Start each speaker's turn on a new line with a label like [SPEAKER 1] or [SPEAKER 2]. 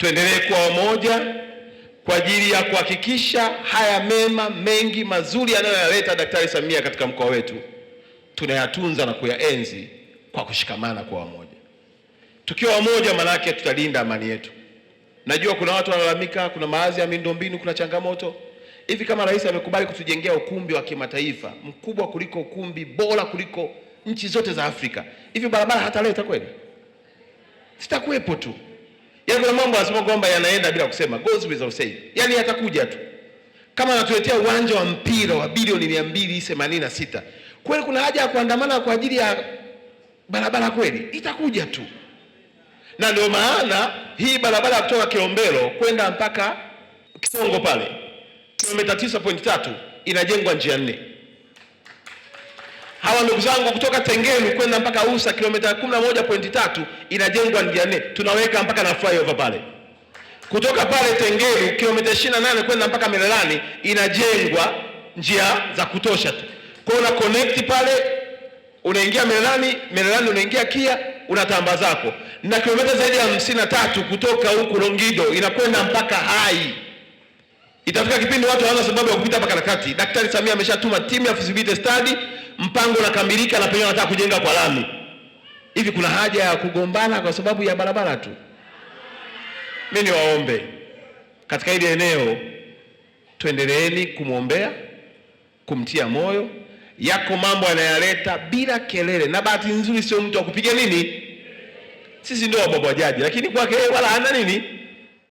[SPEAKER 1] tuendelee kuwa wamoja kwa ajili ya kuhakikisha haya mema mengi mazuri anayoyaleta Daktari Samia katika mkoa wetu tunayatunza na kuyaenzi kwa kushikamana kwa wamoja. Tukiwa wamoja, manake tutalinda amani yetu. Najua kuna watu wanalalamika, kuna maazi ya miundombinu kuna changamoto hivi. Kama rais amekubali kutujengea ukumbi wa kimataifa mkubwa kuliko ukumbi bora kuliko nchi zote za Afrika, hivi barabara hataleta kweli? Zitakuwepo tu. Yaani kuna mambo anasema kwamba yanaenda bila kusema, goes without saying, yaani yatakuja tu, kama anatuletea uwanja wa mpira wa bilioni 286 kweli kuna haja ya kuandamana kwa ajili ya barabara kweli? Itakuja tu, na ndio maana hii barabara ya kutoka Kiombero kwenda mpaka Kisongo pale kilomita 9.3 inajengwa njia nne hawa ndugu zangu kutoka Tengeru kwenda mpaka Usa kilomita 11.3 inajengwa njia nne, tunaweka mpaka na flyover pale. Kutoka pale Tengeru kilomita 28 kwenda mpaka Mererani inajengwa njia za kutosha tu. Kwa una connect pale, unaingia Mererani, Mererani unaingia Kia, unatamba zako, na kilomita zaidi ya hamsini na tatu kutoka huku Longido inakwenda mpaka Hai. Itafika kipindi watu hawana sababu ya kupita hapa katikati. Daktari Samia ameshatuma timu ya feasibility study mpango unakamilika na pengine wanataka kujenga kwa lami. Hivi kuna haja ya kugombana kwa sababu ya barabara tu? Mi niwaombe katika hili eneo, tuendeleeni kumwombea, kumtia moyo. Yako mambo yanayaleta bila kelele, na bahati nzuri sio mtu wa kupiga nini. Sisi ndio wabwabwajaji, lakini kwake wala hana nini